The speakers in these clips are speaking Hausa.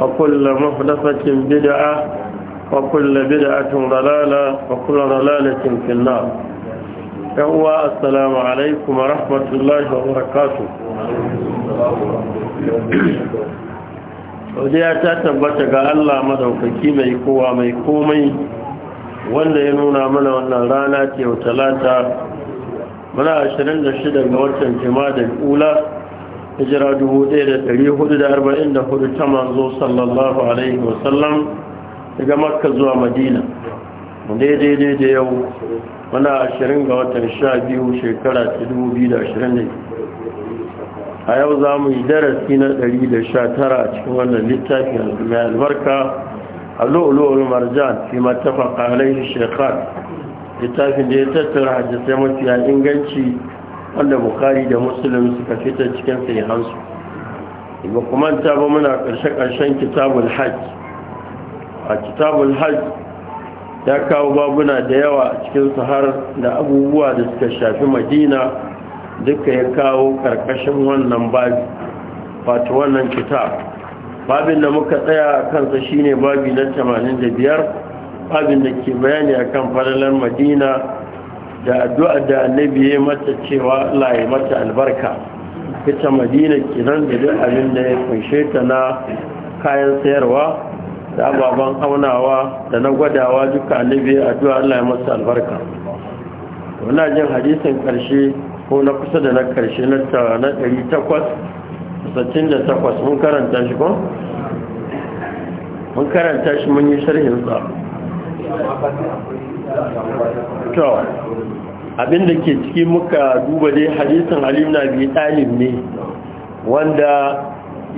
وكل محدثة بدعة وكل بدعة ضلالة وكل ضلالة في النار يهوى السلام عليكم ورحمة الله وبركاته وديا تتبت الله مدوكي mai kowa mai komai wanda ya nuna mana wannan rana ce wa talata muna 26 ga watan jima'a da kula hijira 1444 ta manzo sallallahu alaihi wasallam daga makka zuwa madina daidai da yau wana 20 ga watan 12 shekara ta 2020 a yau za mu yi darasi na 119 a cikin wannan littafin mai albarka a lo'ulowar marjan fi matafa ƙalai shekar littafin da ya tattara hajjata mafiya inganci wanda bukari da musulun suka fitar cikin hansu ba kuma ta ba muna ƙarshe-ƙarshen kitabul hajj a kitabul hajj ya kawo babuna da yawa a cikin sahar da abubuwa da suka shafi madina duka ya kawo ƙarƙashin wannan babi wato wannan kitab babin da muka tsaya a kansa shine babi na 85 babin da ke bayani akan falalar madina da addu'a da annabi ya mata cewa Allah ya mata albarka ita madina kinan da duk abin da ya kunshe ta na kayan sayarwa da ababen aunawa da na gwadawa duka annabi ya addu'a Allah ya mata albarka wani jin hadisin karshe ko na kusa da na karshe na 868 mun karanta shi ko mun karanta shi mun yi sharhin sa to abinda ke ciki muka duba dai hadisin alim na biyu ɗalib ne wanda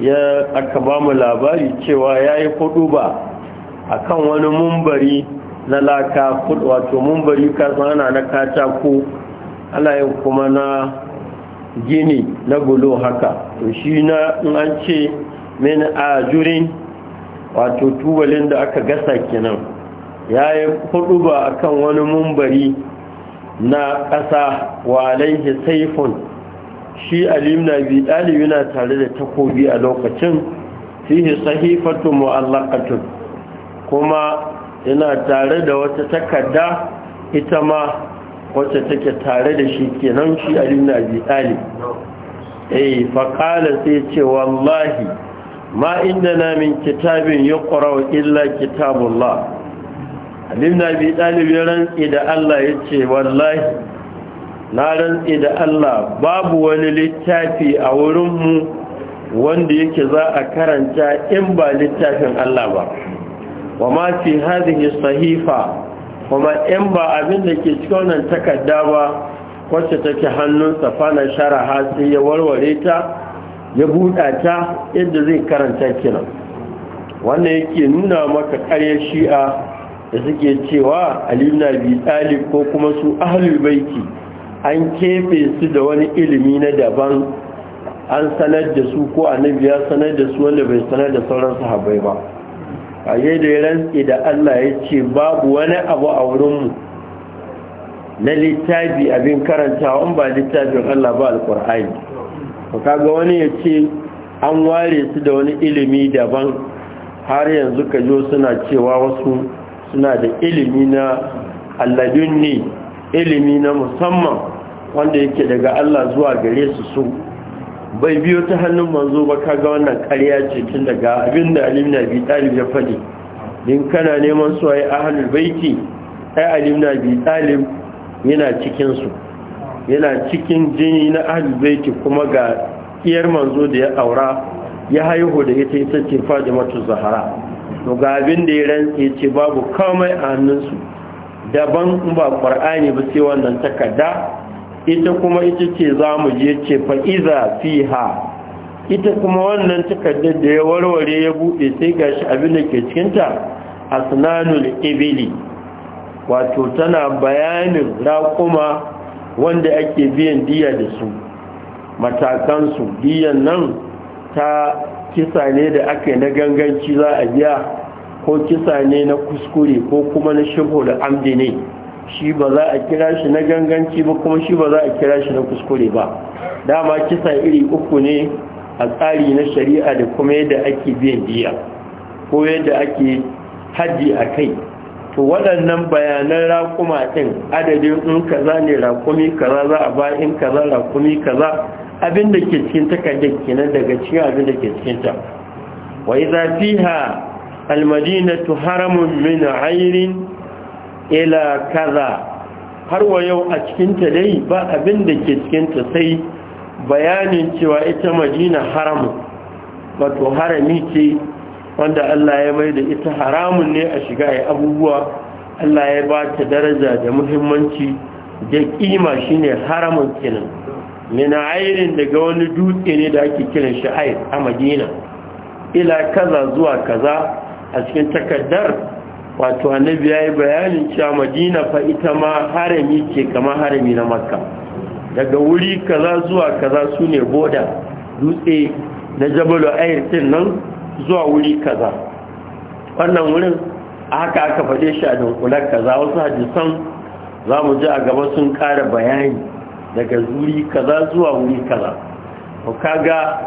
ya aka ba mu labari cewa ya yi kudu ba a kan wani mumbari na laka wato mumbari kasan ana na katako ana yin kuma na gini na gulo haka to shi na in an ce min a jurin wato tubalin da aka gasa kenan ya yi hudu ba a kan wani mumbari na ƙasa wa alaihi saifun shi alimna bi ɗalibi yana tare da takobi a lokacin fihi sahifatu mu'allakatun kuma yana tare da wata takarda ita ma wacce take tare da shi kenan shi alimna bi ɗalibi eh faƙala sai ce wallahi ma inda na min kitabin ya ƙorawa illa kitabullah abin na bi ɗalibin rantsi da Allah ya ce wallahi na rantsi da Allah babu wani littafi a wurinmu wanda yake za a karanta in ba littafin Allah ba wa ma fi hadhihi sahifa kuma in ba abin da ke cikin wannan takarda ba wacce take hannun safana sharaha sai ya warware ta ya buɗa ta yadda zai karanta kiran wannan yake nuna maka ƙarya shi'a da suke cewa alimna bi talib ko kuma su ahlul baiti an kefe su da wani ilimi na daban an sanar da su ko annabi ya sanar da su wanda bai sanar da sauran sahabbai ba a da ya rantsi da Allah ya ce babu wani abu a wurinmu na littafi abin karanta in ba littafin Allah ba alkur'ani ba kaga wani ya ce an ware su da wani ilimi daban har yanzu ka jo suna cewa wasu suna da ilimi na ne ilimi na musamman wanda yake daga Allah zuwa gare su su bai biyo ta hannun manzo ba kaga wannan ƙarya ce tun daga abinda alim na bi talib ya faɗi din kana neman su ayi ahlul baiti ai alim na bi talib yana cikin su yana cikin jini na ahlul baiti kuma ga iyar manzo da ya aura ya haihu da ita ita ce fadimatu zahara. to ga abin da ya rantse ce babu kamai a hannunsu daban ba ƙwar'ani ba sai wannan takarda ita kuma ita ce za mu je ce fa'iza fi ha. ita kuma wannan takarda da ya warware ya buɗe sai shi abin da ke cikinta a asnanul ibili wato tana bayanin raƙuma wanda ake biyan diya da su matakansu diyan nan ta kisa ne da aka yi na ganganci za a biya ko kisa ne na kuskure ko kuma na shigo da amdi ne shi ba za a kira shi na ganganci ba kuma shi ba za a kira shi na kuskure ba dama kisa iri uku ne a tsari na shari'a da kuma yadda ake biyan diya ko yadda ake haji a kai to waɗannan bayanan rakuma ɗin adadin in kaza ne raƙumi kaza za a ba in kaza raƙumi kaza abin da ke cikin kaje kenan daga cikin abin da ke cikin ta wa idza fiha almadinatu haramun min ayrin ila kaza har wa yau a cikinta dai ba abin da ke cikinta sai bayanin cewa ita madina haramun wato harami ce wanda Allah ya mai da ita haramun ne a shiga ya abubuwa Allah ya ba ta daraja da muhimmanci da kima shine haramun kenan mina daga wani dutse ne da ake kiran shi a madina ila kaza zuwa kaza a cikin takaddar wato annabi ya bayanin cewa madina fa ita ma harami ce kamar harami na makka daga wuri kaza zuwa kaza su ne boda dutse na jabalu air nan zuwa wuri kaza wannan wurin a haka aka faɗe shi a dunkular kaza wasu hadisan za mu ji a gaba sun ƙara bayani daga zuri kaza zuwa wuri kaza to kaga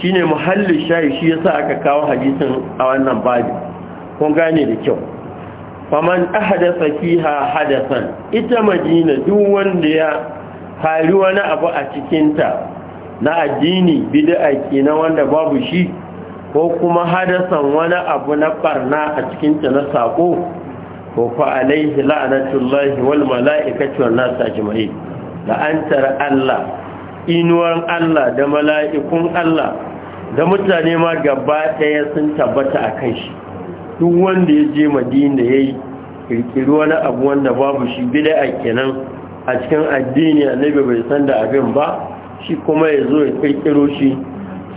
shine muhallin shayi shi yasa aka kawo hadisin a wannan babu kun gane da kyau faman ahdatha fiha hadathan ita madina duk wanda ya hari wani abu a cikin ta na addini bid'a kenan wanda babu shi ko kuma hadasan wani abu na barna a cikin ta na sako ko fa alaihi la'natullahi wal mala'ikati wan nas ajma'in la'antar Allah inuwar Allah da mala'ikun Allah da mutane ma gaba ɗaya sun tabbata a kan shi duk wanda ya je madina ya yi kirkiri wani abu wanda babu shi bida a kenan a cikin addini annabi bai san da abin ba shi kuma ya zo ya kirkiro shi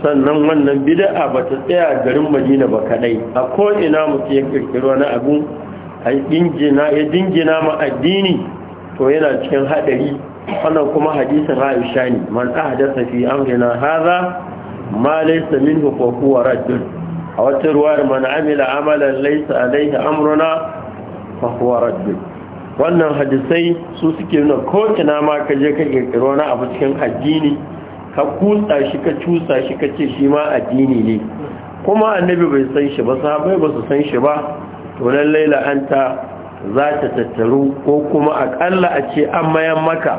sannan wannan bida'a ba ta tsaya garin madina ba kadai a ko'ina mutu ya kirkiro wani abu a dingina ma addini to yana cikin haɗari wannan kuma hadisin Aisha ne man ahdatha fi amrina hadha ma laysa minhu fa huwa radd a wata ruwar man amila amalan laysa alayhi amruna fa huwa wannan hadisai su suke nuna ko ina ma ka je ka kirkiro na abu cikin addini ka kutsa shi ka cusa shi ka ce shi ma addini ne kuma annabi bai san shi ba sahabbai ba su san shi ba to lallai la'anta za ta tattaru ko kuma akalla a ce an mayan maka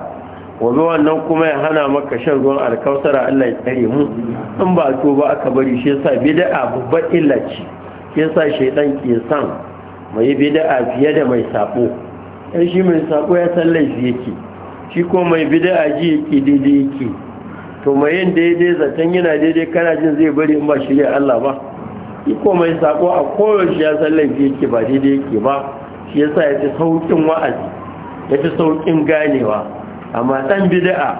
wazo wannan kuma ya hana maka shan ruwan alkausara Allah ya tsare mu in ba to ba aka bari shi yasa bid'a babbar illa ce shi yasa shaydan ke san mai bid'a fiye da mai sako dan shi mai sako ya san laifi yake shi ko mai bid'a ji yake daidai yake to mai yin daidai zaton yana daidai kana jin zai bari in ba shirya Allah ba shi ko mai sako a koyaushe ya san laifi yake ba daidai yake ba shi yasa ya fi sauƙin wa'azi ya fi sauƙin ganewa amma ɗan bida'a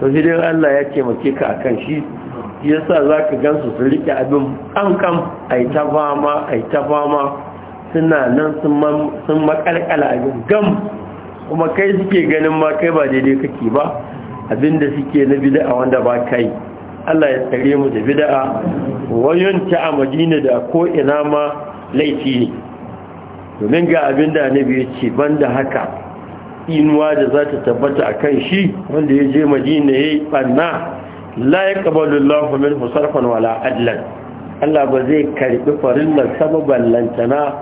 to hidin Allah ya ce mace ka kan shi shi yasa za ka gan su riƙe abin ƙanƙan kam a yi ta fama a yi ta fama suna nan sun makalkala abin gam kuma kai suke ganin ma kai ba daidai kake ba abinda suke na bida'a wanda ba kai Allah ya tsare mu da bida'a wayon ta a madina da ko ina ma laifi ne domin ga abin da annabi ya ce banda haka inuwa da za ta tabbata a kan shi wanda ya je madina ya yi ɓanna layi ya ƙabalu husarfan wala adlan allah ba zai karɓi farin farillar sama ballantana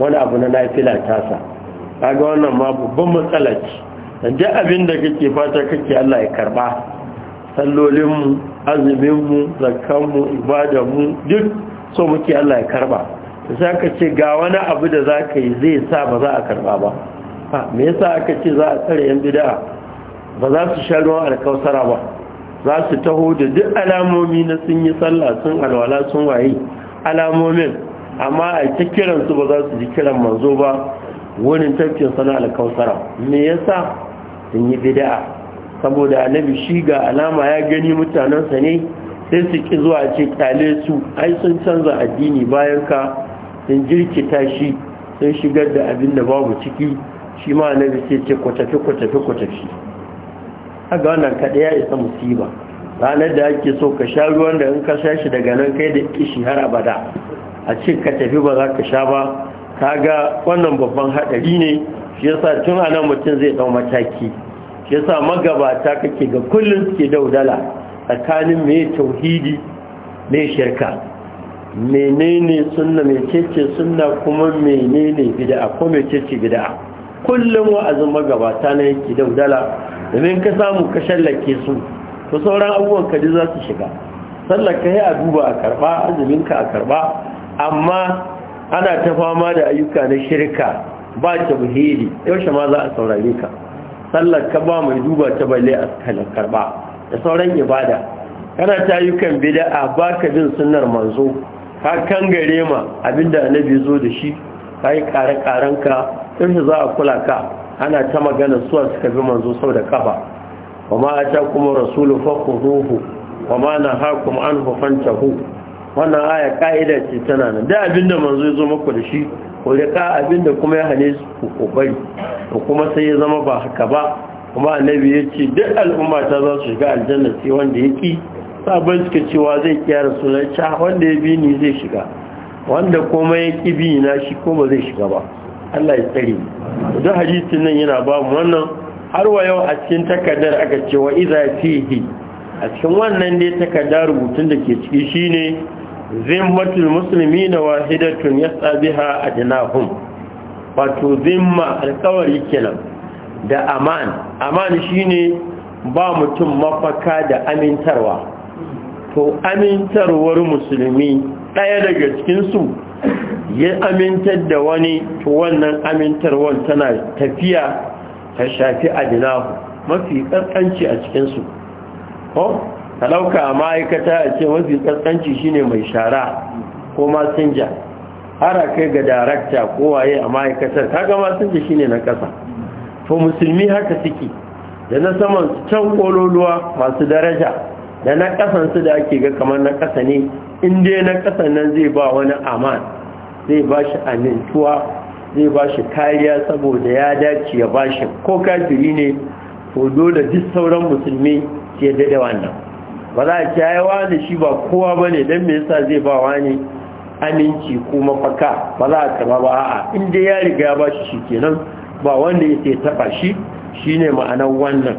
wani abu na naifila tasa kaga wannan ma babban matsala ce abin da kake fata kake allah ya karɓa sallolinmu azuminmu zakkanmu ibadanmu duk so muke allah ya karɓa za ka ce ga wani abu da za ka yi zai sa ba za a karba ba me yasa aka ce za a tsare yan bida ba za su sha ruwan alkausara ba za su taho da duk alamomi na sun yi sallah sun alwala sun waye alamomin amma a ta kiransu ba za su ji kiran manzo ba wurin tafkin sana alkausara me yasa sun yi bida saboda annabi shi ga alama ya gani mutanensa ne sai su ki zuwa ce kyale su ai sun canza addini bayan ka sun jirkita shi sun shigar da abin da babu ciki shi ma na sai ce kwatafi kwatafi kwatafi wannan kaɗai ya isa musiba ranar da ake so ka sha ruwan da in ka sha shi daga nan kai da ishi har abada a ce ka tafi ba za ka sha ba ka ga wannan babban haɗari ne shi yasa tun a nan mutum zai ɗau mataki shi yasa magabata kake ga kullum suke daudala tsakanin mai tauhidi mai shirka menene sunna mecece sunna kuma menene bid'a ko mecece bid'a kullum wa'azin magabata na yake daudala domin ka samu ka shallake su to sauran abubuwan ka za su shiga sallar ka yi a duba a karba azumin ka a karba amma ana ta fama da ayyuka na shirka ba ta buhiri, yaushe ma za a saurare ka sallar ka ba mai duba ta balle a karba da sauran ibada kana ta ayyukan bid'a ba ka bin sunnar manzo ka kangare ma abinda annabi zo da shi ka yi kare-karen ka ɗin za a kula ka ana ta magana suwa suka bi manzo sau da kafa wa ma a ta kuma rasulu fakku ruhu wa ma na hakum an hufanta hu wannan aya ka'ida ce tana nan da abinda manzo ya zo maku da shi ko da ka abinda kuma ya hane su ku kokari kuma sai ya zama ba haka ba kuma annabi ya ce duk al'umma ta za su shiga aljanna sai wanda ya ki sabon suka cewa zai kyara sunan ca ah, wanda ya bi ni zai shiga wanda kuma ya ki bi na shi ko zai shiga ba Allah ya tsari. duk hadisin nan yana ba mu wannan har wa yau a cikin takardar aka ce wa iza fihi a cikin wannan dai takarda rubutun da ke ciki shine zimmatul muslimina wahidatun yas'a biha adnahum wato zimma alkawari kenan da aman aman shine ba mutum mafaka da amintarwa to amintarwar musulmi ɗaya daga cikinsu ya amintar da wani to wannan amintarwar tana tafiya ta shafi adinahu mafi ƙarƙanci a cikinsu ko talauka a ma'aikata a ce mafi shi shine mai shara ko masinja har a kai ga darakta ko waye a ma'aikatar kaga masinja shine na ƙasa to musulmi haka suke da na saman can ƙololuwa masu daraja da na kasansu da ake ga kamar na kasa ne inda na kasan nan zai ba wani aman zai ba shi amintuwa zai ba shi kariya saboda ya dace ya ba shi ko kafiri ne ko dole duk sauran musulmi ke da wannan ba za a kyayawa da shi ba kowa ba ne don me yasa zai ba wani aminci ko mafaka ba za a kama ba a'a dai ya riga ba shi shi kenan ba wanda ya taba shi shine ma'anar wannan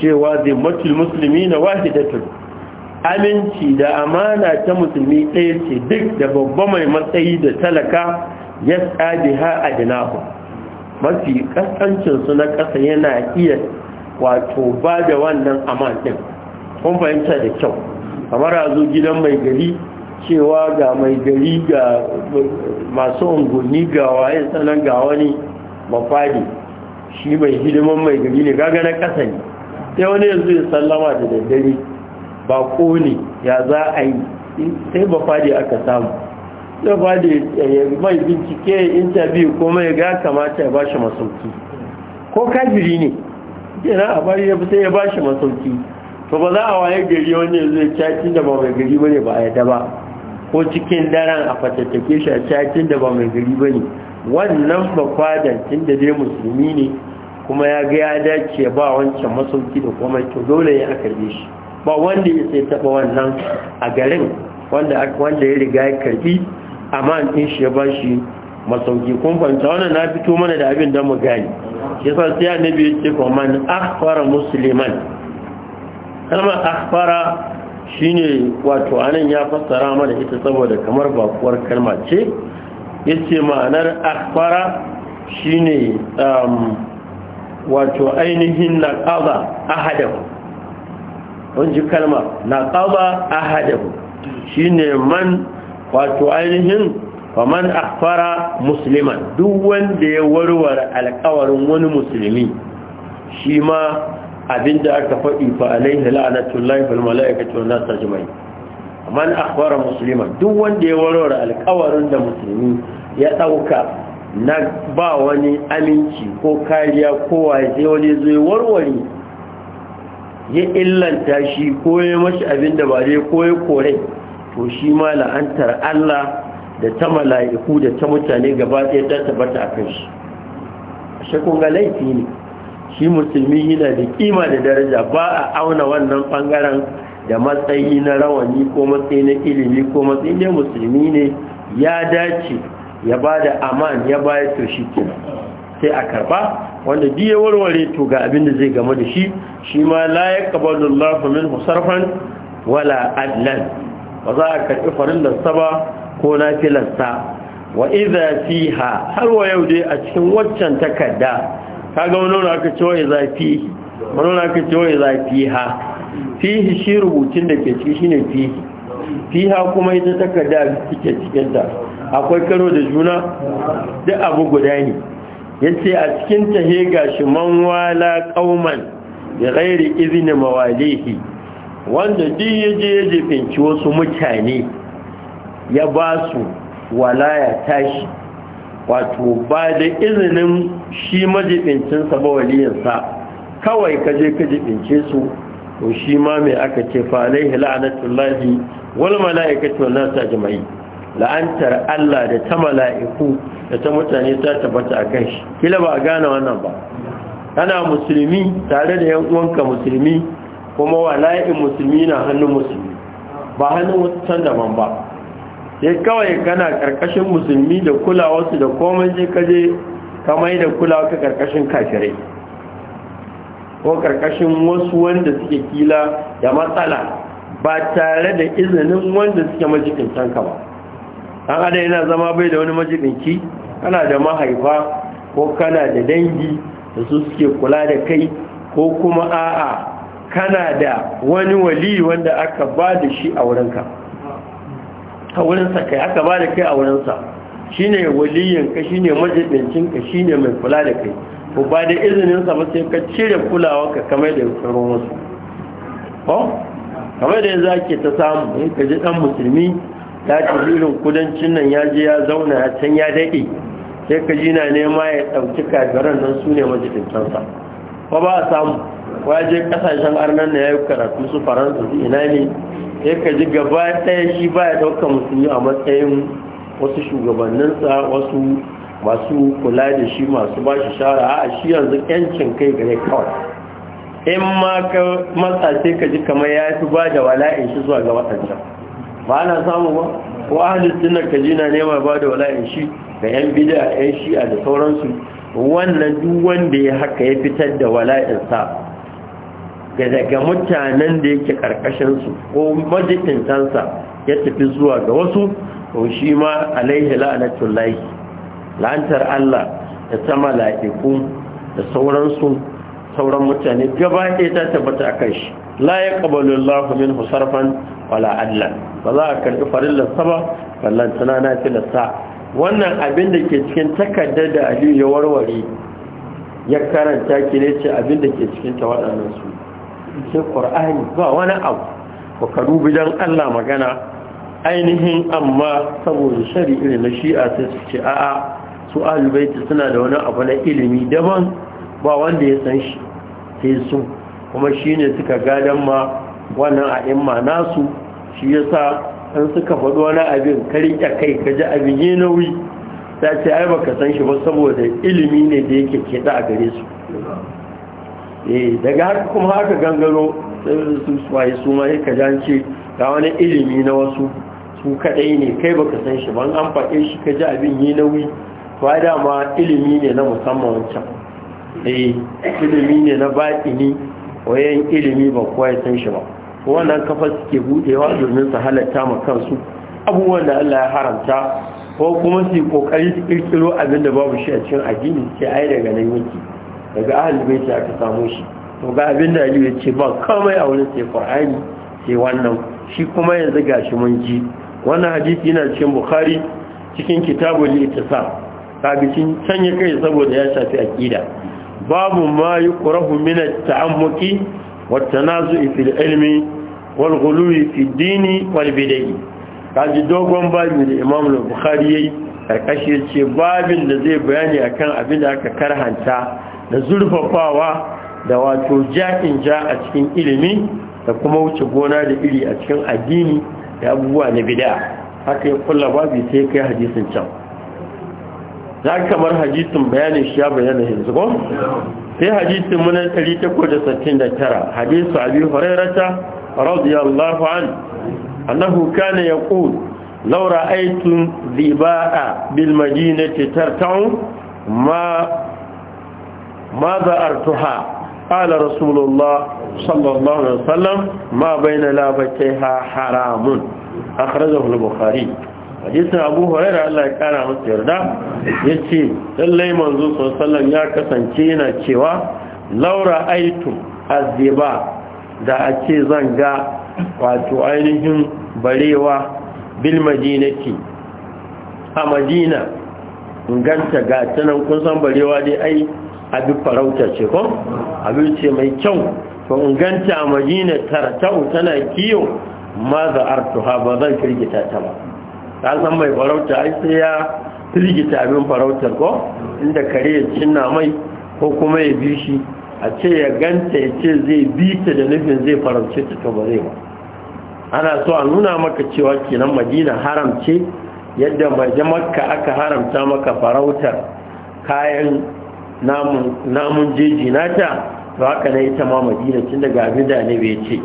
cewa zimmatul musulmi na wahidatul aminci da amana ta musulmi ɗaya ce duk da babba mai matsayi da talaka ya tsadi ha a dinahu mafi ƙasƙancinsu na ƙasa yana iya wato ba da wannan amantin, kun fahimta da kyau kamar a zo gidan mai gari cewa ga mai gari ga masu unguni ga waye sanan ga wani mafadi shi mai hidiman mai gari ne gaga na ƙasa ne sai wani yanzu ya sallama da daddare ba ne ya za a yi sai ba fadi aka samu ya fadi ya mai bincike intab'i ko mai ga kamata ya bashi masauki ko kajiri ne yana a bari ya fita ya bashi masauki to ba za a waye gari wanda zai cacin da ba mai gari ba ne ba a yada ba ko cikin daren a fatattake shi a cacin da ba mai gari ba ne wannan ba fadan tun da dai musulmi ne kuma ya ga ya dace ba wancan masauki da kuma to dole ya karbe shi ba wanda ya sai taba wannan a garin wanda ya riga ya karbi amma din shi ya bashi masauki kun wannan na fito mana da abin da mu gani shi sa siya annabi ya ce man akwara musulman. kalmar shi shine wato anan ya fassara mana ita saboda kamar bakuwar kalma ce Ya ce ma'anar shi shine um, wato ainihin na a ahadahu kun ji kalma na qaba shi shine man wato ainihin man akhfara musliman duk wanda ya warware alƙawarin wani musulmi shi ma abinda aka faɗi fa alaihi la'natullahi fil malaikati ta nas ajma'in man akhbara musliman duk wanda ya warware alƙawarin da musulmi ya ɗauka na ba wani aminci ko kariya ko waje wani zai warware ya illanta shi ko ya mashi abin da ba zai ko ya kore to shi ma la'antar Allah da ta mala'iku da ta mutane gaba ɗaya ta tabbata a kan shi A kun ga laifi ne shi musulmi yana da kima da daraja ba a auna wannan bangaren da matsayi na rawani ko matsayi na ilimi ko matsayi ne musulmi ne ya dace ya ba da aman ya baya to shi kina sai a karɓa. wanda duk ya warware to ga abin da zai game da shi shi ma la yaqbalu Allahu minhu sarfan wala adlan ba za a karɓi da ba ko na filasta. wa idza fiha har wa yau dai a cikin waccan takarda kaga wani wani aka ce wa fihi wani aka ce wa idza fiha fihi shi rubutun da ke ciki shine fihi fiha kuma ita takarda take cikin akwai karo da juna duk abu guda ne yace a cikin ta he gashi man wala qauman bi ghairi izni mawalihi wanda duk yaje ya jefinci wasu mutane ya ba su walaya tashi wato ba da izinin shi majibincinsa ba waliyansa, kawai kaje ka jibince su to shi ma mai aka ce fa alaihi la'natullahi wal mala'ikatu wan nas ajma'in la'antar Allah da ta mala'iku da ta mutane ta tabbata a kan shi kila ba a gane wannan ba kana musulmi tare da yan uwanka musulmi kuma wala'in musulmi na hannun musulmi ba hannun wasu can daban ba sai kawai kana karkashin musulmi da wasu da komai je kaje kamar da kulawa ka karkashin kafirai ko karkashin wasu wanda suke kila da matsala ba tare da izinin wanda suke majikin tanka ba an adam yana zama bai da wani majibinci kana da mahaifa ko kana da dangi da su suke kula da kai ko kuma a'a kana da wani wali wanda aka ba da shi a wurinka a wurinsa kai aka ba da kai a wurinsa shi ne waliyinka shi ne majibincinka shi ne mai kula da kai ko ba da izininsa ba sai ka cire kulawarka kamar da tsaron wasu kamar da yanzu ake ta samu ka ji dan musulmi ta tsibirin kudancin nan ya je ya zauna a can ya daɗe sai ka ji na nema ya ɗauki kafiran nan su ne majalisansa ba ba a samu ya je ƙasashen arnan na ya yi karatu su faransa su ina ne sai ka ji gaba ɗaya shi ba ya ɗauka musulmi a matsayin wasu shugabanninsa wasu masu kula da shi masu ba shi shara a shi yanzu yancin kai gare kawai in ma ka matsa sai ka ji kamar ya fi ba da wala'in shi zuwa ga can. ba ana samu ba ko ahalin sunan kajina ne ma ba da wala'in shi da yan bid'a yan shi'a da sauransu wannan duk wanda ya haka ya fitar da wala'insa ga daga mutanen da yake karkashinsu ko majikintansa ya tafi zuwa ga wasu Ko shi ma alaihi la'anatul lahi la'antar Allah da ta mala'iku da sauransu sauran mutane gaba ɗaya ta tabbata a kan shi la yaqbalu Allahu minhu sarfan wala adlan ba za a karɓi farillar sa ba ballan tana na tilasta wannan abin da ke cikin takaddar da Aliyu ya warware ya karanta ki ce abin da ke cikin ta waɗannan su sai Qur'ani ba wani abu ko karu bidan Allah magana ainihin amma saboda shari'i na shi'a sai su ce a'a su alubaiti suna da wani abu na ilimi daban ba wanda ya san sai su kuma shi ne suka gadon ma wannan a'imma nasu shi ya sa an suka faɗo wani abin karike kai ka ji abin yi nauyi ta ce ai baka san shi ba saboda ilimi ne da yake keta a gare su eh, daga haka kuma haka gangaro su waye su ma ka jance ga wani ilimi na wasu su kaɗai ne kai baka san shi ban an faɗe shi ka ji abin yi nauyi ba dama ilimi ne na musamman wancan E, ilimi ne na baɗini wayan ilimi ba kowa ya san shi ba wannan kafa suke budewa domin su halatta ma kansu abubuwan da Allah ya haramta ko kuma su kokari su kirkiro abin da babu shi a cikin addini ce ai daga nan yake daga ahli bait aka samu shi to ga abin da Aliyu ya ce ba komai a wurin sai Qur'ani sai wannan shi kuma yanzu gashi mun ji wannan hadisi yana cikin Bukhari cikin kitabul Ittisa kaga cin sanya kai saboda ya shafi aqida babu ma yukrahu min at-ta'ammuqi wat-tanazu'i fil ilmi wal ghuluwi dini wal bid'i kaji dogon babu da Imam al-Bukhari yayi karkashi ce babin da zai bayani akan abin da aka karhanta da zurfafawa da wato ja'in ja a cikin ilimi da kuma wuce gona da iri a cikin addini da abubuwa na bid'a haka ya kulla babu sai kai hadisin can za kamar hadisin bayanin shi ya bayyana yanzu ko sai hadisin muna 869 hadisu abi hurairata radiyallahu an annahu kana yaqul law ra'aytum dhibaa bil madinati tarta'u ma madha artuha قال رسول الله صلى الله عليه وسلم ما بين لابتيها حرام أخرجه البخاري hadisin abu huraira Allah ya kara masa yarda ya ce lallai manzo sallallahu ya kasance yana cewa laura Aitu, azziba da a ce zan ga wato ainihin barewa bil madinati a madina inganta ga tunan kun san barewa dai ai abin farauta ce ko abin ce mai kyau to inganta a madina tartau tana kiyo ma ha ba zan kirgita ta ba ka san mai farauta ai sai ya firgita abin farautar ko inda kare ya cinna mai ko kuma ya bi shi a ce ya ganta ya ce zai bi ta da nufin zai farauce ta to ba zai ba ana so a nuna maka cewa kenan madina haramce ce yadda maje makka aka haramta maka farautar kayan namun jeji nata to haka na ita ma madina tun daga abin da ne bai ce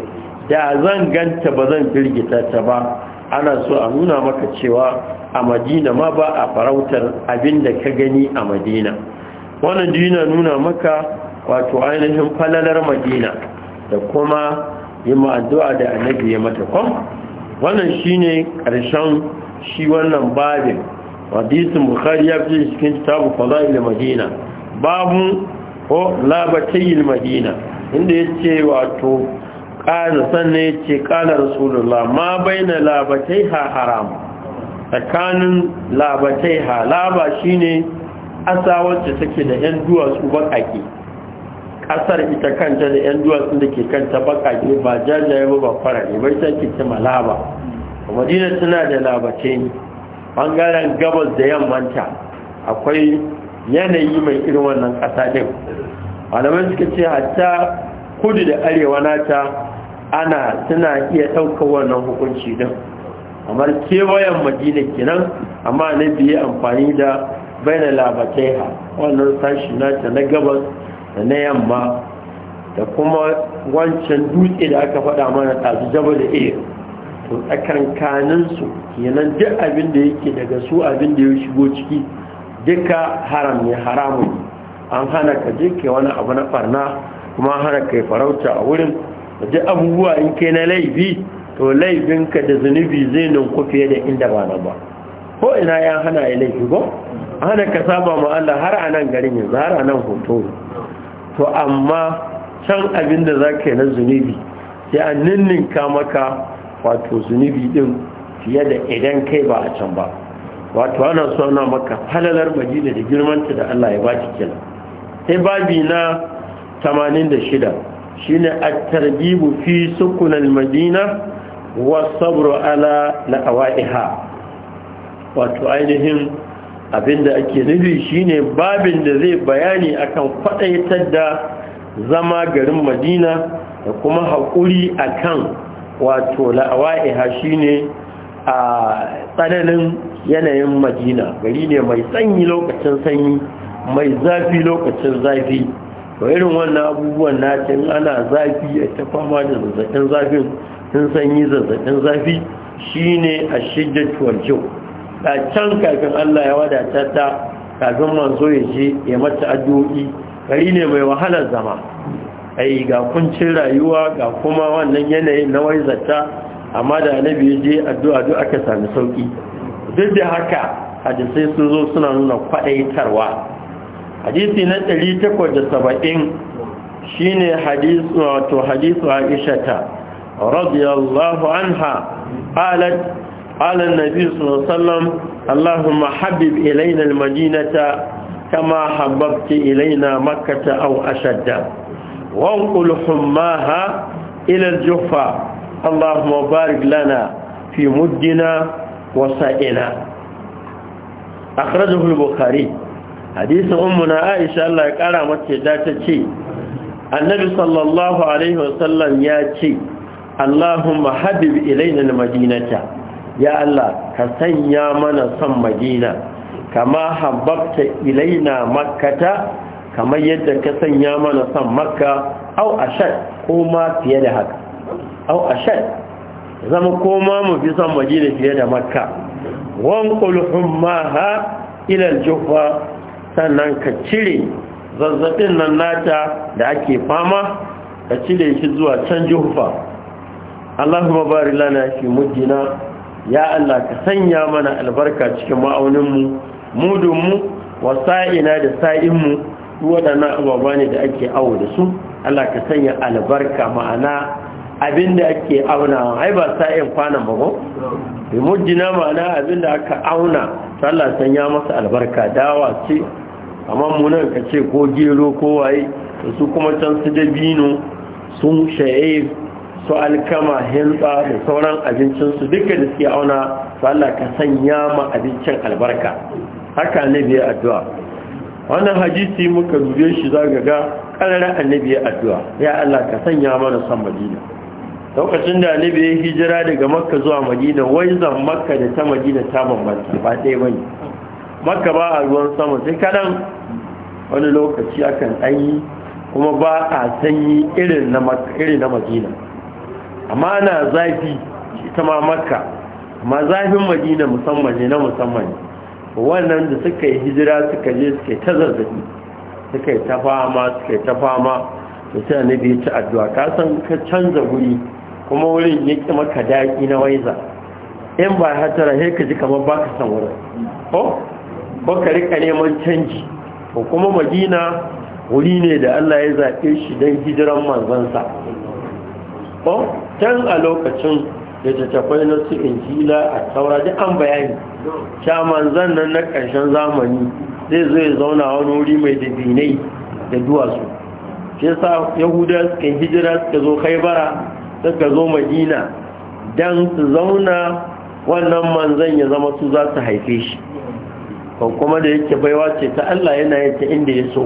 da zan ganta ba zan firgita ta ba ana so a nuna maka cewa a madina ma ba a farautar abin da ka gani a madina wannan dina nuna maka wato ainihin falalar madina da kuma yi ma'addu'a da annabi ya mata kwan wannan shine ƙarshen shi wannan babin hadisin bukhari ya fi cikin tabu fada'il madina babu ko labatayil madina inda ya ce wato ƙada sannan ya ce ƙada rasulullah ma bai na labatai ha haram tsakanin labatai ha laba shi ne ƙasa wacce take da 'yan duwatsu baƙaƙe ƙasar ita kanta da 'yan duwatsun da ke kanta baƙaƙe ba jajaye ba fara ne, bai ta cima laba madina tana da labatai ne ɓangaren gabas da yammanta akwai yanayi mai irin wannan ƙasa ɗin malamai suka ce hatta kudu da arewa nata ana suna iya ɗauka wannan hukunci din kamar kewayen madina kenan amma na biye amfani da baina labatai ha wannan sashi nata na gabas da na yamma da kuma wancan dutse da aka faɗa mana tasu da iya to tsakankaninsu kenan duk abin da yake daga su abin da ya shigo ciki duka haram ne haramun an hana ka je wani abu na farna kuma hana kai farauta a wurin ji abubuwa in ke na laifi to laifinka da zunubi zai ninku fiye da inda ba na ba ko ina ya hana ya laifi ba hana ka saba ma Allah har a nan garin yanzu har a nan hoto to amma can abin da za ka yi na zunubi sai an ninninka maka wato zunubi din fiye da idan kai ba a can ba wato ana so ana maka halalar madina da girmanta da Allah ya ba ki kila sai babi na 86 shine at-targibu fi sukun al-madina wa sabru ala la'awaiha wato ainihin abinda ake nufi shine babin da zai bayani akan faɗaitar da zama garin madina da kuma haƙuri akan wato la'awaiha shine a tsananin yanayin madina gari ne mai sanyi lokacin sanyi mai zafi lokacin zafi to irin wannan abubuwan na cin ana zafi a ta fama da zazzafin zafin sun sanyi zazzafin zafi shi ne a shiddatuwar kyau. da can kafin allah ya wadata ta kafin manzo ya je ya mata addu'o'i gari ne mai wahalar zama ai ga kuncin rayuwa ga kuma wannan yanayin na waizata amma da annabi ya je addu'a duk aka sami sauki duk da haka hadisai sun zo suna nuna kwadaitarwa hadisi na 870 shine ne hadisu aishata radiyallahu anha halat halar nabi sallam allahumma habib ilainal majinata kama hababti ilaina makata au ashadda wankul hummaha ilal juffa allahumma barik lana fi mudina wasa'ina akhrajahu al-bukhari hadisin na aisha Allah ya kara mace ta ce annabi sallallahu alaihi wasallam ya ce Allahumma habib ilaina almadinata ya Allah ka sanya mana son madina kama habbabta ilaina makkata kamar yadda ka sanya mana son makka au ashad ko ma fiye da haka au ashad zama koma mu fi son madina fiye da makka wanqul ha, ila aljuhfa sannan ka cire zazzabin nan nata da ake fama ka cire shi zuwa can jufa Allahumma bari lana fi mujina ya Allah ka sanya mana albarka cikin ma'auninmu mudunmu wasa'ina da mu wadannan ababa ne da ake awo da su Allah ka sanya albarka ma'ana da ake auna ai ba sa'in kwanan ba ko bi mujina ma'ana da aka auna Allah sanya masa albarka dawa ce amma munan ka ce ko gero ko waye su kuma can su dabino sun sha'e su alkama hinsa da sauran abincinsu duka da suke auna su Allah ka sanya ma abincin albarka haka na biya addu'a wannan hadisi muka dube shi za ga ga ƙararar annabi ya addu'a ya Allah ka sanya mana san madina lokacin da annabi ya hijira daga makka zuwa madina wai zan makka da ta madina ta bambanta ba ɗaya bane maka ba a ruwan sama sai kadan wani lokaci akan yi kuma ba a sanyi irin na madina amma na zafi ita ma makka amma zafin madina musamman ne na musamman wannan da suka yi hijira suka je suka yi ta zazzabi suka yi ta fama suka yi ta fama da sai annabi ya ci addu'a ka san ka canza guri kuma wurin ya ki maka daƙi na waiza in ba hatara sai ka ji kamar baka san wurin ko ko ka rika neman canji ko kuma madina wuri ne da Allah ya zaɓe shi don hijiran manzansa ko can a lokacin da tattafai na su injila a taura da an bayani sha manzan nan na ƙarshen zamani zai zo ya zauna wani wuri mai dabinai da duwatsu shi sa yahuda suka hijira suka zo kaibara suka zo madina dan su zauna wannan manzan ya zama su za su haife shi ko kuma da yake baiwa ce ta Allah yana yin ta inda ya so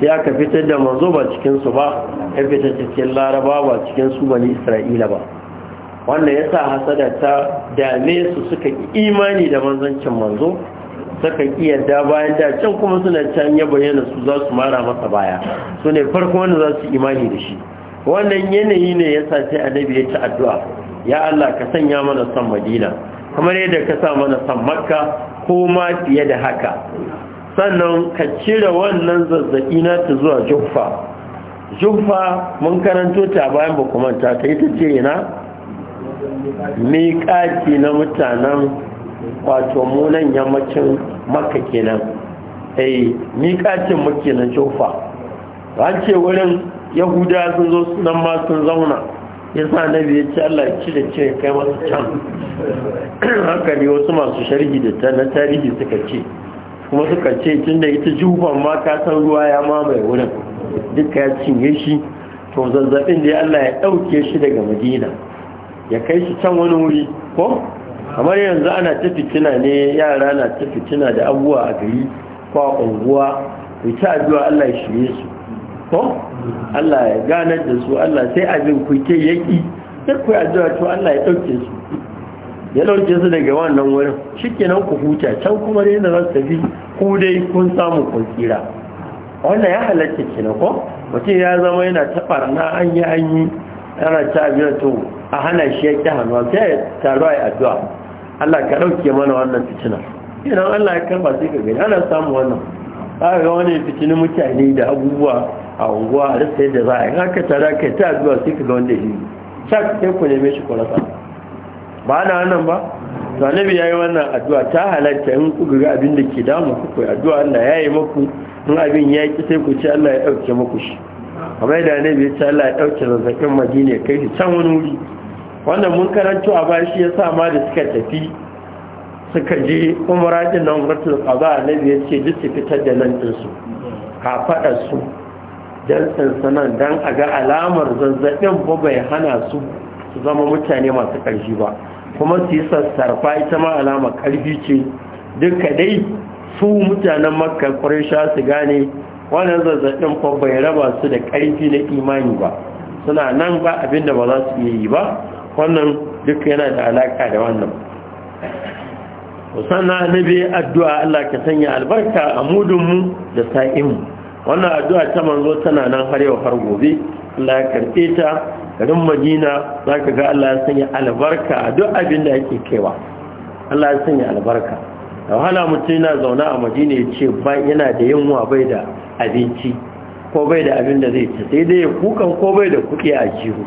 sai aka fitar da manzo ba cikin su ba ya fita cikin laraba ba cikin su bani isra'ila ba wannan yasa hasada ta dame su suka imani da manzancin manzo suka yarda bayan da can kuma suna can ya bayyana su za su mara masa baya su ne farko wanda za su imani da shi wannan yanayi ne yasa sai annabi ya ta addu'a ya Allah ka sanya mana san Madina kamar yadda ka sa mana san Makka ko ma fiye da haka sannan ka cire wannan zazzaɓi na ta zuwa jufa jufa mun karanto ta bayan ba ta yi ta ita ce yana miƙaƙi na mutanen wato munan yammacin maka kenan eh miƙaƙin muke na jufa Ba ce wurin yahuda sun zo sunan ma sun zauna ya sa nabi ya ce Allah ci da ce kai masu can haka ne wasu masu sharhi da ta na tarihi suka ce kuma suka ce tun da ita jufan ma ka san ruwa ya mamaye wurin duka ya cinye shi to zazzabin da Allah ya ɗauke shi daga madina ya kai shi can wani wuri ko kamar yanzu ana ta fitina ne yara na ta fitina da abubuwa a gari ko a unguwa ku ta addu'a Allah ya shirye su ko Allah ya ganar da su Allah sai abin kuke yaki sai ku addu'a to Allah ya dauke su ya dauke su daga wannan wurin shikenan ku huta can kuma ne da zasu tafi ku dai kun samu kun wannan ya halatta kina ko mutum ya zama yana tafarna an yi an yi ana ta biya to a hana shi ya ƙi hannuwa sai ya taro a yi addu'a Allah ka dauke mana wannan fitina kina Allah ya karba sai ka gani ana samu wannan ba ga wani fitinin mutane da abubuwa a unguwa a rufe yadda za a yi haka tara kai ta addu'a sai ka ga wanda shi sak sai ku neme shi ku rasa ba na wannan ba to annabi yi wannan addu'a ta halatta in ku ga abin da ke damu ku ku addu'a Allah ya yi muku in abin ya ki sai ku ce Allah ya dauke muku shi kamar da annabi ya ce Allah ya dauke zazzabin Madina ya kai shi can wani wuri wannan mun karanto a bashi ya sa ma da suka tafi suka je Umaradin din nan umratul A annabi ya ce duk su fitar da nan din su ka fada su don sansanan don a ga alamar zazzabin ba bai hana su zama mutane masu ƙarfi ba kuma su yi sassarfa ita ma alamar ƙarfi ce duka dai su mutanen makka ƙwarisha su gane wannan zazzaɓin ba bai raba su da ƙarfi na imani ba suna nan ba abinda ba za su iya yi ba wannan duk yana da alaƙa da wannan sannan annabi addu'a Allah ka sanya albarka a mudunmu da sa'inmu wannan addu'a ta manzo tana nan har yau har gobe Allah ya karɓe ta garin Madina za ka ga Allah ya sanya albarka a duk abin da yake kaiwa Allah ya sanya albarka da wahala mutum yana zaune a Madina ya ce ba yana da yunwa bai da abinci ko bai da abin da zai ci sai dai ya kukan ko bai da kuɗi a jihu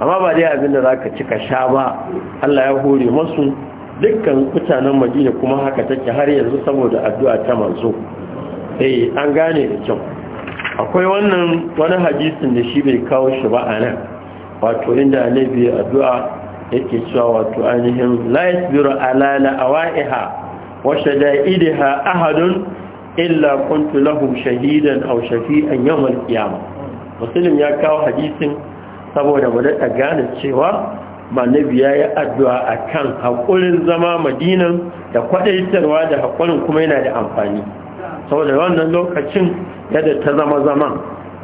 amma ba dai abin da za ka ci ka sha ba Allah ya hore masu dukkan mutanen Madina kuma haka take har yanzu saboda addu'a ta manzo eh an gane da kyau akwai wannan wani hadisin da shi bai kawo shi ba a nan wato inda annabi addu'a yake cewa wato ainihin la yasbiru ala awaiha wa shada'idha ahadun illa kuntu lahum shahidan aw shafi'an yawm al-qiyamah muslim ya kawo hadisin saboda mu da gane cewa annabi ya yi addu'a akan hakurin zama madinan da kwaɗaitarwa da hakurin kuma yana da amfani saboda wannan lokacin yadda ta zama zaman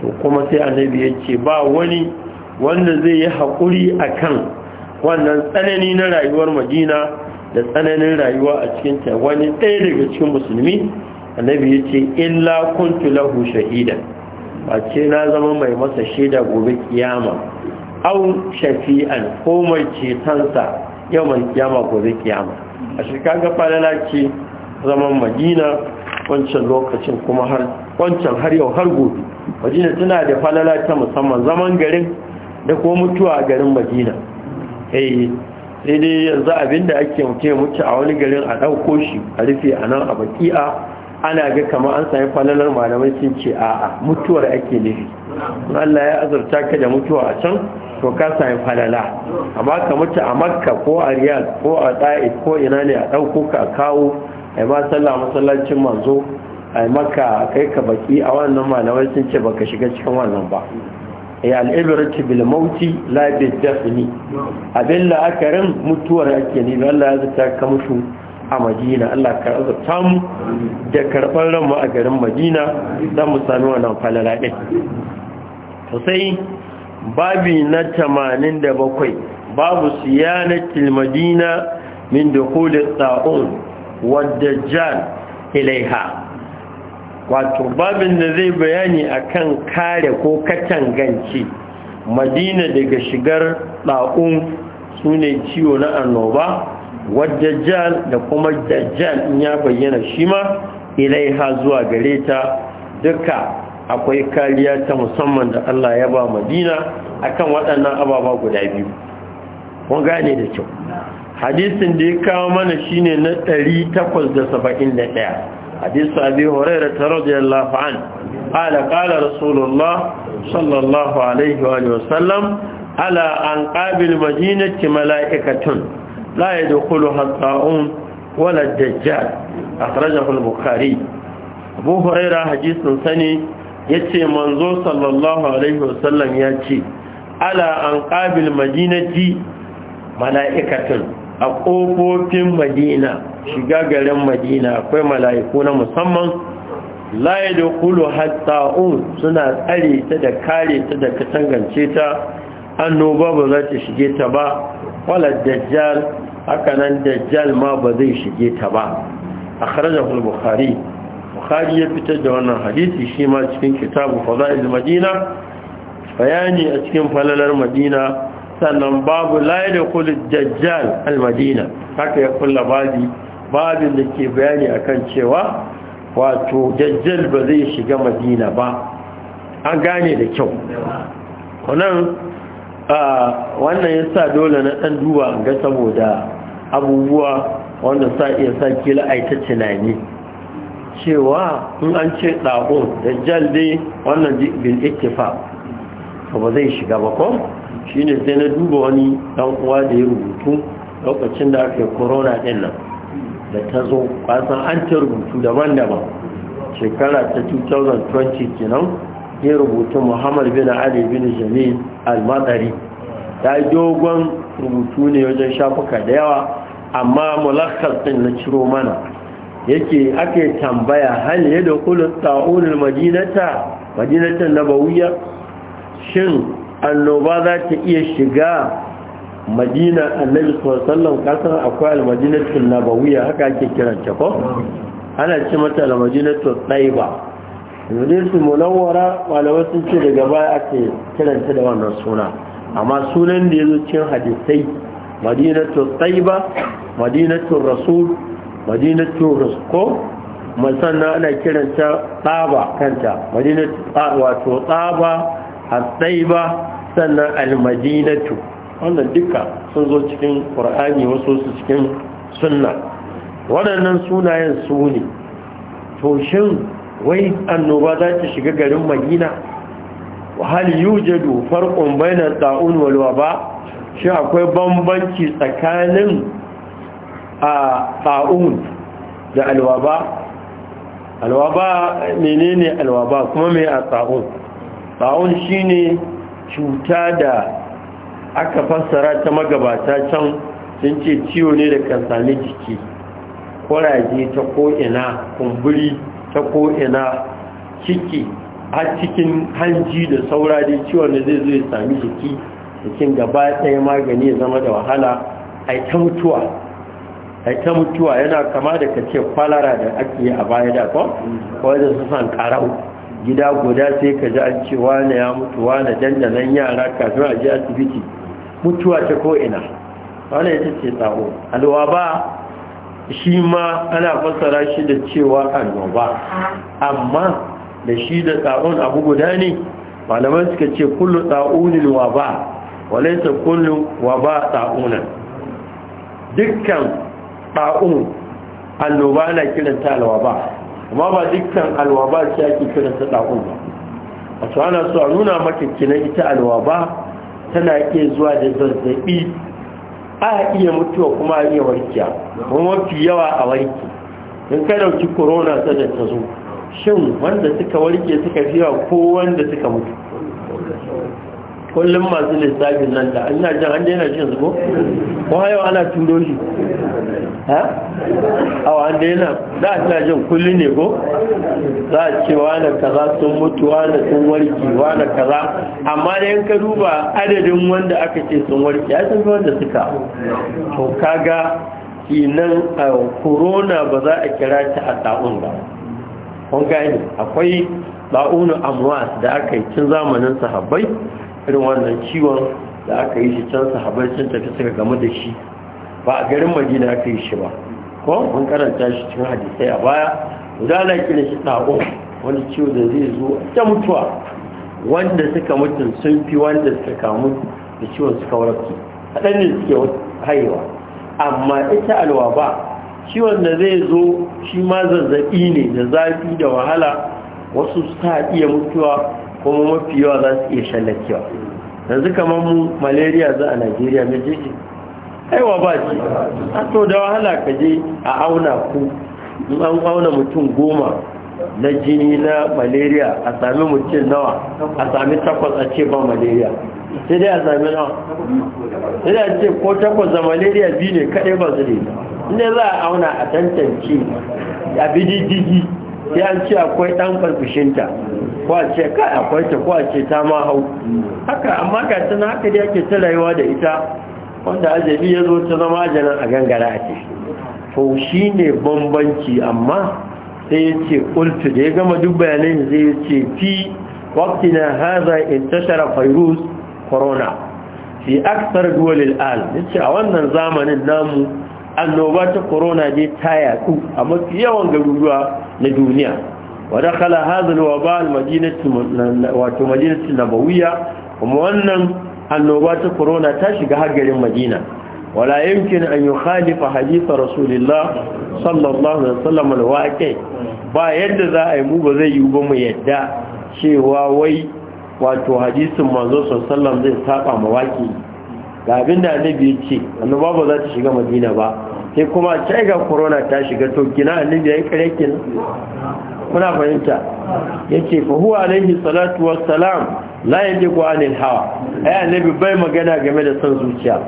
to kuma sai annabi ya ce ba wani wanda zai yi haƙuri akan wannan tsanani na rayuwar madina da tsananin rayuwa a cikinta wani ɗaya daga cikin musulmi annabi ya ce illa kuntu lahu shahida ba ce na zama mai masa shaida gobe kiyama au shafi'an ko mai cetonsa yau mai kiyama gobe kiyama a shirka ga falala ce zaman madina wancan lokacin kuma har wancan har yau har gobe madina tana da falala ta musamman zaman garin da ko mutuwa a garin madina eh sai dai yanzu abinda ake muke mutu a wani garin a ɗauko shi a rufe a nan a baki'a ana ga kama an sami falalar malamai sun ce a'a mutuwar ake nufi Allah ya azurta ka da mutuwa a can to ka sami falala amma ka mutu a makka ko a riyad ko a ɗa'id ko ina ne a ɗauko ka kawo ai ma sallah masallacin manzo ai maka kai ka baki a wannan malamai sun ce baka shiga cikin wannan ba ai al'ibrati bil mauti la bil dafni abin la'akarin mutuwar ake ne Allah ya zata ka mutu a madina Allah ka azurta mu da karɓar mu a garin madina za mu sami wannan falala ɗin sai babi na tamanin da bakwai babu siyanatil madina min da kulin tsa'un wadajjal ilaiha wato babin da zai bayani akan kare ko katangance madina daga shigar ɗa'un sune ciwo na annoba wadajjal da kuma dajjal in ya bayyana shi ma ilaiha zuwa gare ta duka akwai kariya ta musamman da Allah ya ba madina akan waɗannan ababa guda biyu kun gane da kyau hadisin da ya kawo mana shi ne na 871 hadisu abi hurairah radiyallahu an qala qala rasulullah sallallahu alaihi wa sallam ala an qabil madinati malaikatun la da at-ta'un wala ad-dajjal akhrajahu al-bukhari abu hurairah hadisin sani ya ce manzo sallallahu alaihi wa sallam ya ce, ala an qabil madinati malaikatun a ƙofofin madina shiga garin madina akwai mala'iku na musamman laye da kulu hatta'un um, suna tsare ta da kare ta da katangance ta annoba ba za ta shige ta ba wala dajjal hakanan dajjal ma ba zai shige ta ba a kharajar bukhari bukhari ya fitar da wannan hadisi shi ma cikin kitabu fada'il madina bayani a cikin falalar madina sannan babu layi da kulin dajjal almadina haka ya kulla babi babin da ke bayani akan cewa wato dajjal ba zai shiga madina ba an gane da kyau kunan wannan ya sa dole na ɗan duwa ga saboda abubuwa wanda sa iya sa kila aita tunani cewa in an ce ɗa'un jajjal dai wannan bin ittifa ba zai shiga ba ko shine sai na duba wani dan uwa da ya rubutu lokacin da aka yi corona din nan da ta zo kwasan an ta rubutu daban-daban shekara ta 2020 kenan ya rubutu muhammad bin ali bin jamil al-madari ta dogon rubutu ne wajen shafuka da yawa amma mulakkar din na ciro mana yake ake tambaya hal ya da kula ta'unin madinata madinatan nabawiyya shin annoba za ta iya shiga madina annabi sallallahu kasar akwai almadinatul nabawiya haka ake kiran ta ko ana ce mata almadinatul taiba almadinatul munawwara malamai sun ce daga baya ake kiran ta da wannan suna amma sunan da zo cin hadisai madinatul taiba madinatul rasul madinatul rasul musamman ana kiranta tsaba kanta madinatul wato tsaba al-taiba sannan al-madinatu wannan duka sun zo cikin Ƙur'ani wasu su cikin sunna waɗannan sunayen su ne to wai annoba za ta shiga garin madina hal yujadu farqun bayna ta'un wal waba shi akwai bambanci tsakanin a ta'un da alwaba alwaba menene alwaba kuma me a ta'un ta'un shine cuta da aka fassara ta magabata can sun ce ciwo ne da ka sami jiki kwaraje ta ko'ina kumburi ta ko'ina ciki a cikin hanji da saura dai ciwon da zai zo ya sami jiki cikin gaba ɗaya magani ya zama da wahala a ta mutuwa a ta mutuwa yana kama da kace kwalara da ake yi a baya da kwa wajen da su san karau gida guda sai ka ji an ce wane ya mutu wane dandanan yara kafin a ji asibiti mutuwa ta ko'ina wane ita ce tsawo ba shi ma ana fasara shi da cewa alwaba amma da shi da tsawon abu guda ne malaman suka ce kullu tsa'unin waba ta kullu waba tsawonan dukkan tsawon annoba na kiranta alwaba amma ba dukkan alwaba ce ake kiran ta ɗa'un ba a su ana so a nuna maka kina ita alwaba tana iya zuwa da zazzaɓi a iya mutuwa kuma a iya warkiya kuma mafi yawa a warki in ka dauki corona ta da ta zo shin wanda suka warke suka fiya ko wanda suka mutu kullum masu lissafin nan da ina jan an daina cin su ko kuma yau ana turo shi ha awa an daina da ina jan kullum ne ko za a ce wane kaza sun mutu wane sun warki wane kaza amma da yanka duba adadin wanda aka ce sun warki ya sun wanda suka to kaga kinan corona ba za a kira ta a ta'un ba kun gani akwai ba'unu amwas da aka yi cin zamanin sahabbai irin wannan ciwon da aka yi shi can sahabar sun tafi suka game da shi ba a garin madina aka yi shi ba ko mun karanta shi cikin hadisai a baya guda na kira shi tsako wani ciwo da zai zo ta mutuwa wanda suka mutu sun fi wanda suka kamu da ciwon suka warke kaɗan ne suke haihuwa amma ita alwa ba, ciwon da zai zo shi ma zazzaɓi ne da zafi da wahala wasu sa iya mutuwa kuma mafi yawa za su iya shallakewa yanzu kamar mu malaria za a najeriya mai jeji aiwa ba ce a to da wahala ka je a auna ku in an auna mutum goma na jini na malaria a sami mutum nawa a sami takwas a ce ba malaria sai dai a sami nawa sai dai a ce ko takwas da malaria biyu ne kaɗai ba su ne inda za a auna a tantance a bididigi sai an ce akwai ɗan farfishinta kwace ka akwai ta kwace ta ma hau haka amma ga tana haka da ake ta rayuwa da ita wanda ajabi ya zo ta zama ajanan a gangara a to shi ne bambanci amma sai ya ce ƙultu da ya gama duk bayanin zai ya ce fi na haza in tashara virus corona fi aksar duwalil al ya ce a wannan zamanin namu annoba ta corona ne ta yaɗu a mafi yawan garuruwa na duniya wadda kala hazin wa ba wato madinacin nabawiya kuma wannan annoba ta korona ta shiga hagarin madina wala yankin an yi khalifa hadisa rasulullah sallallahu alaihi wasallam alwaƙe ba yadda za a yi mu ba zai yi ba mu yadda cewa wai wato hadisin manzo sallam zai saba mawaki ga abinda annabi ya ce annoba ba za ta shiga madina ba sai kuma caiga korona ta shiga to gina annabi ya yi kare kuna fahimta Yake. fa huwa alaihi salatu wassalam la yajibu anil hawa ai annabi bai magana game da san zuciya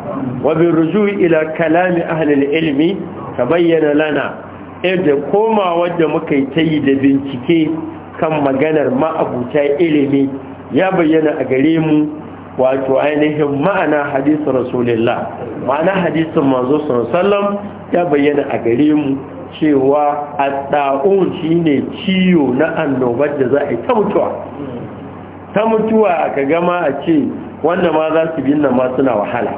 wa bi rujui ila kalami ahli ilmi tabayyana lana da komawa da muka yi ta da bincike kan maganar ma abuta ilimi ya bayyana a gare mu wato ainihin ma'ana hadisun rasulullah ma'ana hadisin manzo sallam ya bayyana a gare mu cewa shi ne ciwo na annobar da za a yi ta mutuwa ta mutuwa ka gama a ce wanda ma za su nan ma suna wahala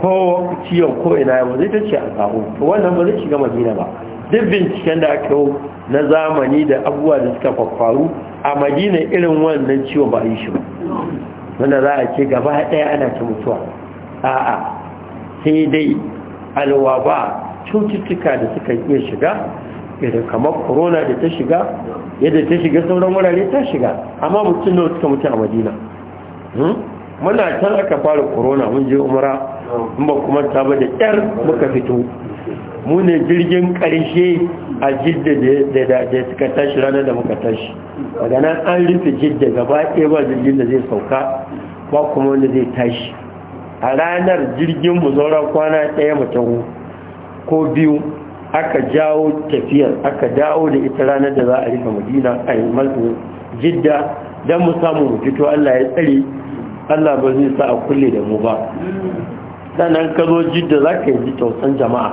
ko ciyon ko ina ya zai ta ce a tsaho wannan ba zai shiga madina ba duk binciken da aka yau na zamani da abubuwa da suka faru a madina irin wannan ciwon ba a yi shi ba wanda za a ce gaba ɗaya ana ta mutuwa a'a sai dai alwaba cututtuka da suka iya shiga idan kamar corona da ta shiga yadda ta shiga sauran wurare ta shiga amma mutum ne suka mutu a madina hmm? muna can aka fara corona mun je umara in ba kuma ta ba da 'yar muka fito mu ne jirgin karshe a jidda da suka tashi ranar da muka tashi daga nan an rufe jidda gaba ɗaya ba jirgin da zai sauka ba kuma wanda zai tashi a ranar jirgin mu zaura kwana ɗaya mu tawo ko biyu aka jawo tafiyar aka dawo da ita ranar da za a rika madina a yi jidda don mu samu mu fito allah ya tsare allah ba zai sa a kulle da mu ba sannan ka zo jidda za ka yi tausan jama'a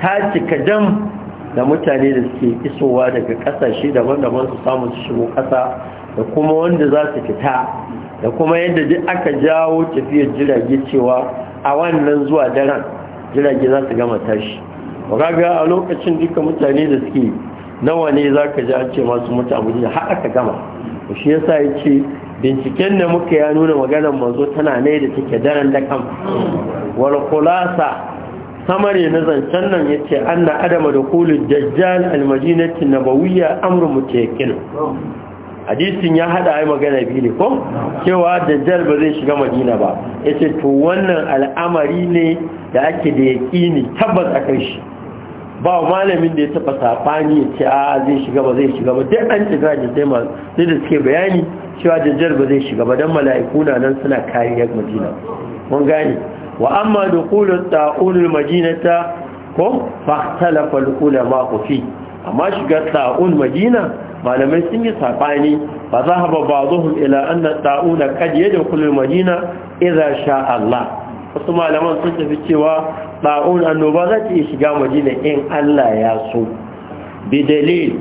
ta cika dam da mutane da suke isowa daga kasashe daban-daban su samu su shigo kasa da kuma wanda za su fita da kuma yadda duk aka jawo tafiyar jirage cewa a wannan zuwa daren jirage za su gama tashi ga a lokacin duka mutane da suke nawa ne za ka ji an ce masu mutu abu ne har aka gama shi yasa ya ce binciken da muka ya nuna maganar manzo tana ne da take daren da kan wal kulasa samare na zancen nan yace anna adama da kulu dajjal al madinati nabawiyya amru mutayakin hadisin ya hada ai magana biyu ne ko cewa dajjal ba zai shiga madina ba yace to wannan al'amari ne da ake da yaƙini tabbas a kan shi ba malamin da ya taɓa safani ya ce a zai shiga ba zai shiga ba duk an shiga jajjai masu da suke bayani cewa jajjar ba zai shiga ba don mala'iku na nan suna kariyar majina mun gane wa amma da kulun ta'unul ta ko fahtalafa ulama ku fi amma shiga ta'un majina, malamai sun yi safani ba za ha ba ba zuhun ila annan ta'una kad yadda kulun majina, idza sha Allah wasu malaman sun tafi cewa ba'un annoba za ta iya shiga madina in Allah ya so bi dalil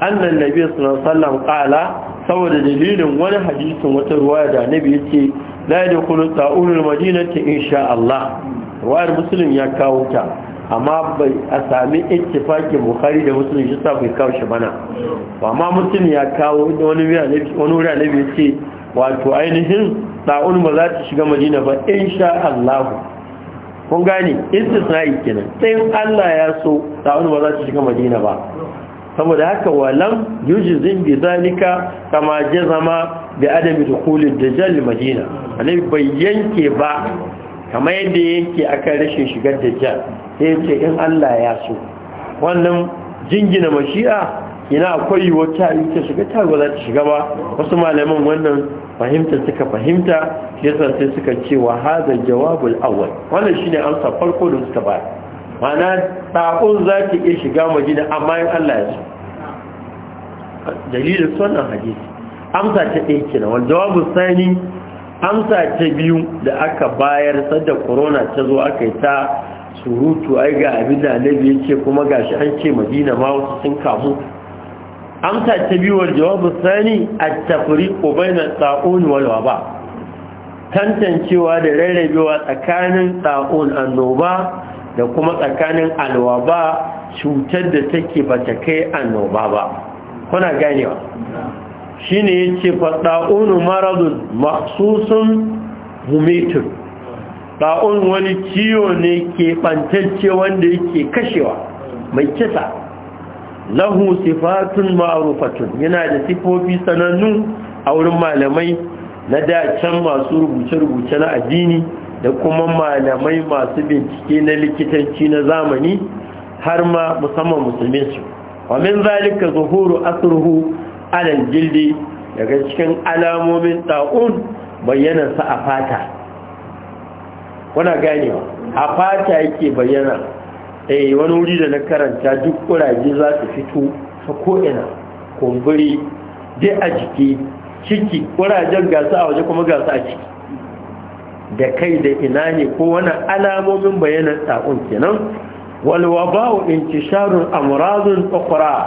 annan nabi sallallahu alaihi wasallam saboda dalilin wani hadisin wata ruwaya da annabi yace la yadkhulu ta'unul ta insha Allah ruwayar muslim ya kawo ta amma bai a sami ittifakin bukhari da muslim shi sa bai kawo shi bana amma muslim ya kawo wani wani wani annabi yace wato ainihin ɗa'un ba za ta shiga madina ba sha Allah kun gani istisna'i kenan sai Allah ya so ɗa'un ba za ta shiga madina ba saboda haka walam yujizin bi zalika kama jazama bi adami dukhulid dajjal madina annabi bai yanke ba kamar yadda yake aka rashin shigar dajjal sai yace in Allah ya so wannan jingina mashi'a ina akwai yiwuwar ta yi ta shiga ta ba za ta shiga ba wasu malaman wannan fahimta suka fahimta shi yasa sai suka ce wa hada jawabul awwal wannan shine amsa farko da suka bayar mana ta'un za ta iya shiga majina amma in Allah ya so dalilin sunan hadisi amsa ta ɗaya kenan wal jawabu sani amsa ta biyu da aka bayar sadda corona ta zo aka yi ta surutu ai ga abin da annabi ya ce kuma gashi an ce madina ma wasu sun kamu amsa ta biyu wal jawabu sani a tafriqu bayna taun wal waba tantancewa da rarrabewa tsakanin ta'un annoba da kuma tsakanin alwaba cutar da take bata kai annoba ba kuna ganewa shine yace fa ta'un maradun mahsusun humitun ta'un wani ciwo ne ke bantacce wanda yake kashewa mai kisa lahu sifatun ma'rufatun yana da sifofi sanannu a wurin malamai na da can masu rubuce-rubuce na addini da kuma malamai masu bincike na likitanci na zamani har ma musamman su. wa min zalika zuhuru asruhu alal jildi daga cikin alamomin ta'un bayyana sa a fata wana ganewa a fata yake bayyana eh wani wuri da na karanta duk kuraje za su fito ta ko'ina kumburi dai a jiki ciki kurajen gasa a waje kuma gasa a ciki da kai da ina ne ko wani alamomin bayanan saƙon kenan walwa ba wa intisharun amurazun tsakwara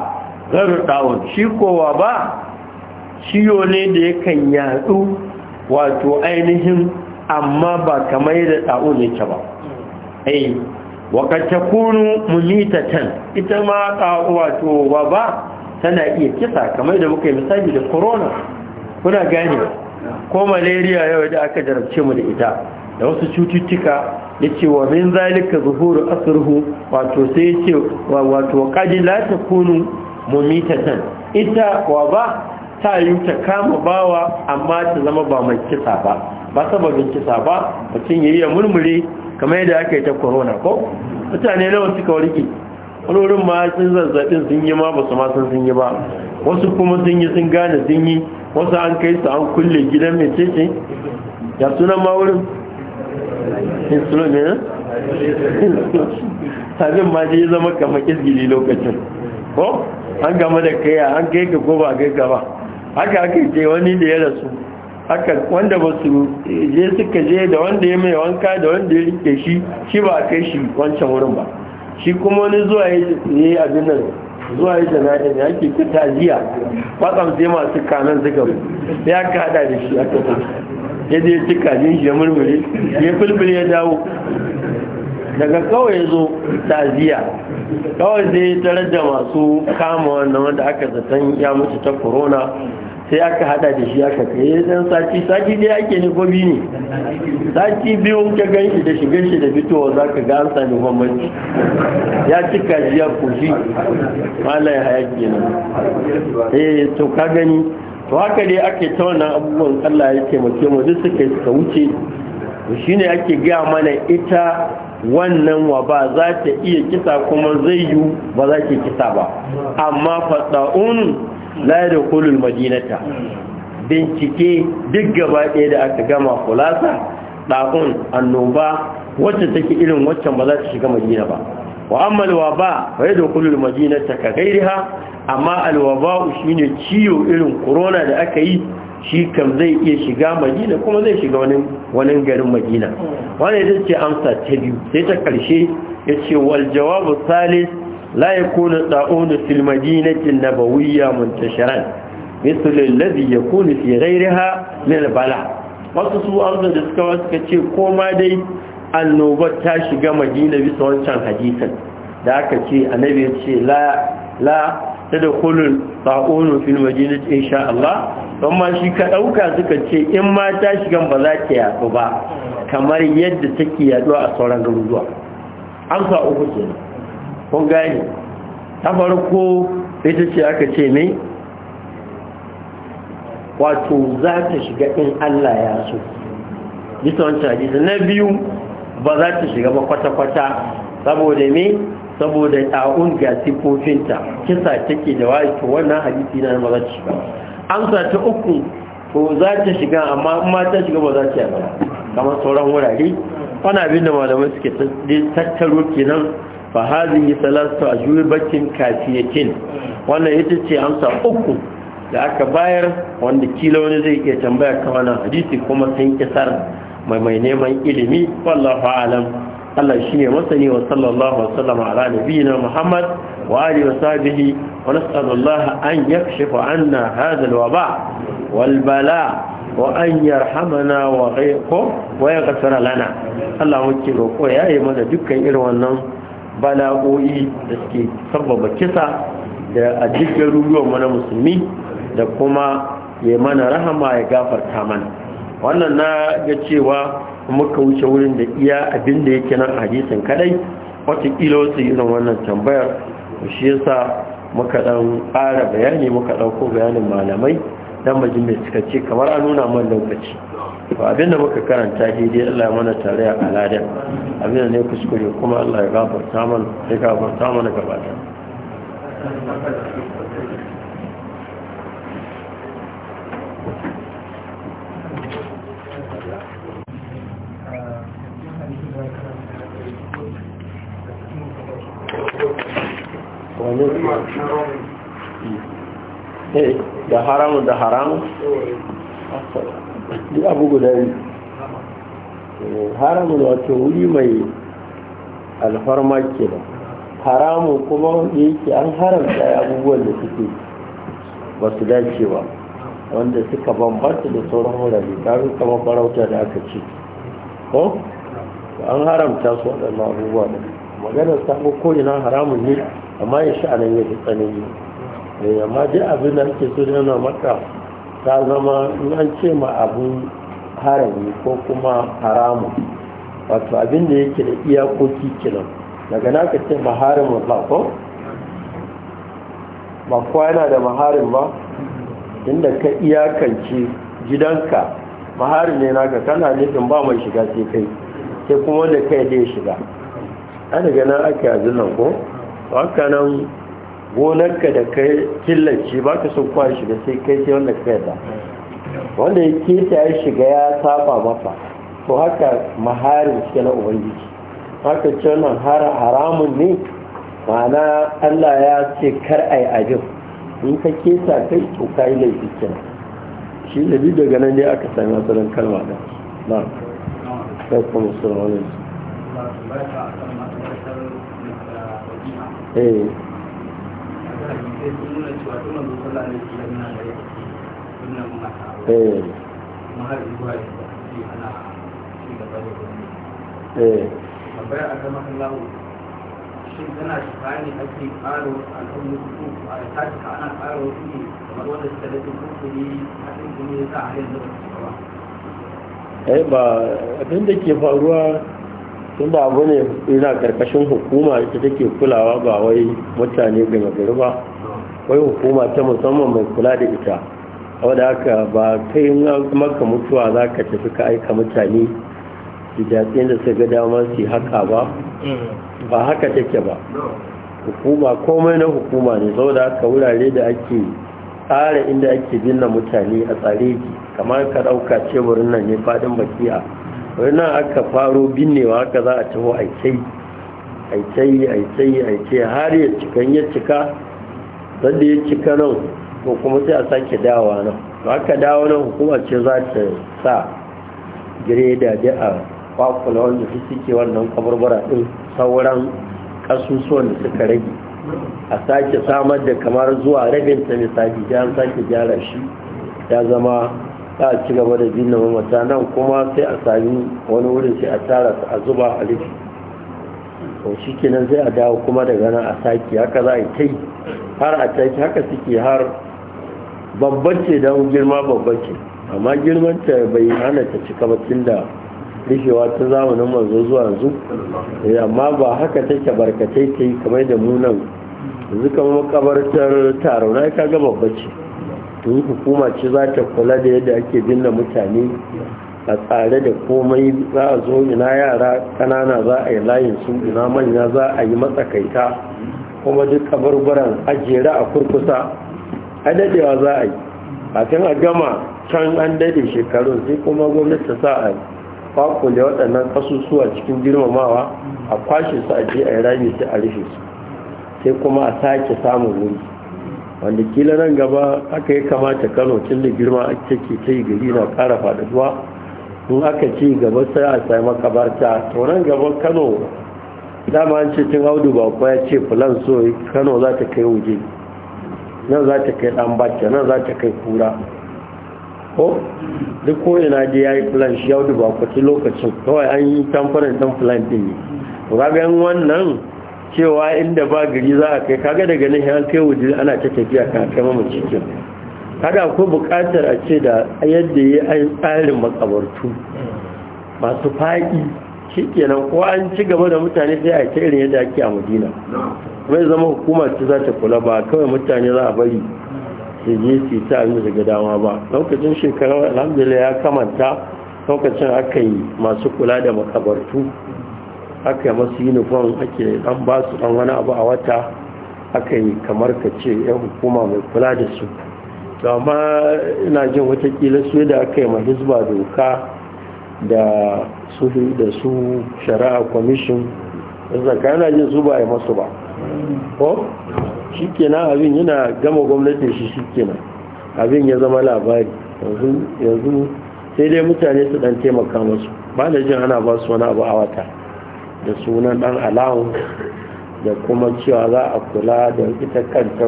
garin ɗawon shi kowa ba ciyo ne da yakan yatsu wato ainihin amma ba kamar da ɗawon yake ba eh, waƙar ta kunu mumitatan ita ma ƙa'uwa to ba tana iya kisa kamar da muka yi misali da corona kuna gane ko malaria yau da aka jarabce mu da ita da wasu cututtuka ya ce wa min zalika zuhuru asirhu wato sai ya ce wato kaji la ta kunu mumitatan ita wa ba ta yi ta kama bawa amma ta zama ba mai kisa ba ba sababin kisa ba mutum yayi ya murmure kamar yadda aka yi ta corona ko mutane nawa suka warke wani ma sun zazzabin sun yi ma ba su ma sun sun yi ba wasu kuma sun yi sun gane sun yi wasu an kai su an kulle gidan mai cece ya sunan ma wurin insulomina sabin ma ji zama kamar isgili lokacin ko an gama da kaya an kai ka ko ba kai ka ba haka aka ce wani da ya rasu haka wanda ba su je suka je da wanda ya mai wanka da wanda ya rike shi shi ba a kai shi wancan wurin ba shi kuma wani zuwa ya yi abin nan zuwa ya da ya ke ta tajiya kwatsam sai masu kanan suka ya kada da shi aka ta ya je ci kajin shi ya murmure ya fulfule ya dawo daga kawai ya zo tajiya kawai zai tarar da masu kama wannan wanda aka zaton ya mutu ta corona sai aka hada da shi aka kai eh, dan saki saki dai ake ne ko biyu ne saki biyu ka gan shi da shigar shi da fitowa za ka ga an sami bambanci ya ci kajiya kushi malai haya nan eh to ka gani to haka dai ake ta wannan abubuwan Allah ya taimake mu duk suka suka wuce shine ake gaya mana ita wannan wa ba za ta iya kisa kuma zai yi ba za ta kisa ba amma faɗa'un la da kulul madinata bincike duk gaba ɗaya da aka gama kulasa ɗakun annoba wacce take irin wacce ba za ta shiga madina ba wa amma alwaba wa da kulul madinata ka gairi ha? amma alwaba ne ciwo irin corona da aka yi shi kam zai iya shiga madina kuma zai shiga wani garin madina wani ita ce amsa ta biyu sai ta karshe ya ce wal jawabu salis la yakunu da'un fil madinati nabawiyya muntashiran misal alladhi yakunu fi ghayriha min al-bala wasu su arzu da suka wasu ce koma dai annobar ta shiga madina bisa wancan hadisan, da aka ce annabi ya ce la la tadkhulul ta'unu fil madinati insha Allah amma shi ka dauka suka ce in ma ta shigan ba za ta yadu ba kamar yadda take yaɗuwa a sauran garuruwa amsa uku kenan kun gani ta farko ita ce aka ce mai wato za ta shiga in Allah ya so bisa wancan hadisi na biyu ba za ta shiga ba kwata-kwata saboda mai saboda ta'un ga sifofinta kisa take da wato wannan hadisi na ba za ta shiga amsa ta uku ko za ta shiga amma in ma ta shiga ba za ta yi kamar sauran wurare wani abin da malamai suke tattaro kenan fa hadhihi salatu ajubatin kafiyatin wannan ita ce amsa uku da aka bayar wanda kila wani zai iya tambaya kan hadisi kuma sun kisar mai mai neman ilimi wallahu alam Allah shi shine masani wa sallallahu alaihi wasallam ala nabiyina Muhammad wa alihi wa sahbihi wa nas'alullah an yakshifa anna hadha alwaba wal bala وأن يرحمنا وغيركم ويغفر لنا الله ya yi يا dukkan irin wannan. bala'o'i da suke sababa kisa da a duk mana musulmi da kuma ya mana rahama ya gafarta mana wannan na ga cewa muka wuce wurin da iya abin da yake nan hadisin kadai watakila wasu irin wannan tambayar shi yasa muka dan ƙara bayani muka ɗauko bayanin malamai don majin mai cikakke kamar a nuna man lokaci ba abinda muka karanta daidai Allah ya mana tare a aladen abinda ne kuskure kuma Allah ya gafarta mana ya gafarta mana gabata eh, da haramu da haramu duk abu guda eh, haramun wato wuri mai alfarma ke ba haramun kuma wanda yake an haramta ya abubuwan da suke ba su dace ba wanda suka bambanta da sauran wurare karu kama farauta da aka ce ko an haramta su waɗannan abubuwa ne maganar ta ko ina haramun ne amma ya sha'anin ya ji tsanani eh, amma dai abin da ake so da yana maka ta zama an ce ma abin harami ko kuma haramu wato abin da yake da iyakoki kinan daga naka ce maharimin lako ba kuwa yana da maharin ba inda ka iyakance gidanka maharin ne naka kana nufin ba mai shiga sai kai sai kuma wanda kai dai shiga a daga na ake yanzu nan ko wakanan nan gonarka da kai killace ba ka sun kwa shiga sai kai sai wanda ka yarda wanda ya keta ya shiga ya saba masa to haka maharin shi na ubangiji haka ce wannan har haramun ne ma'ana allah ya ce kar a yi abin in ka keta kai to ka yi laifi kenan shi da bi daga nan ne aka sami asalin kalma da na sai sun nuna cewa tun zuwa da alaihi sallam na da yake nuna mata eh. kuma har zuwa yanzu shi ana shi gaba da gwamnati eh. tambaya a kan mahallahu shin tana shiga ne ake ƙara wasu al'ummu su a ta ana ƙara wasu ne kamar wanda suka dace kukuri a cikin kuma ya sa a yanzu ba su ba. Eh ba abin da ke faruwa tunda abu ne yana karkashin hukuma ita take kulawa ba wai mutane gama gari ba wai hukuma ta musamman mai kula da ita wadda haka ba kai maka mutuwa za ka tafi ka aika mutane su jatsi da su ga damar su haka ba ba haka take ba hukuma komai na hukuma ne da haka wurare da ake tsara inda ake binne mutane a tsare kamar ka ɗauka teburin nan ne faɗin bakiya wai nan aka faro binnewa haka za a taho aikai aikai aikai aikai har ya cika ya cika da ya cika nan ko kuma sai a sake dawa nan haka dawa nan hukuma ce za ta sa gireda da a kwakula wanda su suke wannan kabarbara din sauran kasusuwan da suka rage a sake samar da kamar zuwa rabinta misali ya sake gyara shi ya zama za a ci gaba da binne mamata nan kuma sai a sami wani wurin sai a tara su a zuba a rufe to shi kenan sai a dawo kuma daga nan a saki haka za a yi har a taki haka suke har ce don girma ce amma girman ta bai hana ta cika ba da rufewa ta zamanin manzo zuwa yanzu eh, amma ba haka take barkatai ta yi kamar da munan yanzu kamar makabartar taro na ka ga babbace to yi hukuma ce za ta kula da yadda ake binne mutane a tsare da komai za a zo ina yara kanana za a yi layin su ina manya za a yi matsakaita kuma duk kabarbaran a a kurkusa a dadewa za a yi a can a gama can an dade shekarun sai kuma gwamnati ta sa a kwakule waɗannan kasusuwa cikin girmamawa a kwashe su a je a yi rami sai a rufe su sai kuma a sake samun wuri wanda kila nan gaba aka yi kamata kano cin da girma a cikin ta yi gari na kara faɗaɗuwa in aka ci gaba sai a sami makabarta to nan gaba kano dama an ce tun audu ba kuwa ce fulan so kano za ta kai wuje nan za ta kai ɗan bacca nan za ta kai kura ko duk ko ina dai ya yi fulan shi audu ba kuwa lokacin kawai an yi tamfarin ɗan fulan ɗin ne to wannan cewa inda ba gari za a kai kaga daga nan an kai wuji ana ta tafiya ka kai mamacikin cikin kada ko buƙatar a ce da yadda ya yi tsarin makabartu masu faɗi shi kenan ko an ci gaba da mutane sai a ce irin yadda ake a madina mai zama hukuma ce za ta kula ba kawai mutane za a bari su je su ta abin daga dama ba lokacin shekarar alhamdulillah ya kamanta lokacin aka yi masu kula da makabartu aka masu uniform ake an ba su ɗan wani abu a wata aka yi kamar ka ce yan hukuma mai kula da su to amma ina jin watakila su da aka yi ma hizba doka da su da su shari'a commission zaka yana jin su ba a yi masu ba ko shi kenan abin yana gama gwamnati shi shi kenan abin ya zama labari yanzu sai dai mutane su ɗan taimaka masu ba da jin ana ba su wani abu a wata da sunan dan alawun da kuma cewa za a kula da ita kanta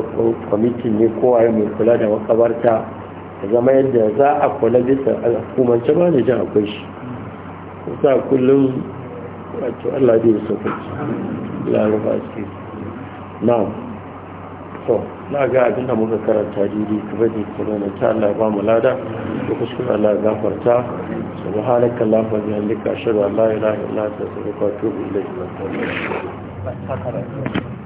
kwamitin ne kowaye mai kula da makabarta zama yadda za a kula bisa hukumance ba ne jin akwai shi kusa kullum wato allah bai sauƙi lalubar su na'am to na ga abin da muka karanta didi kuma da kuma na ta Allah ba mu lada da kuskure Allah farta subhanaka allahumma wa bihamdika ashhadu an la ilaha illa anta astaghfiruka wa atubu ilayk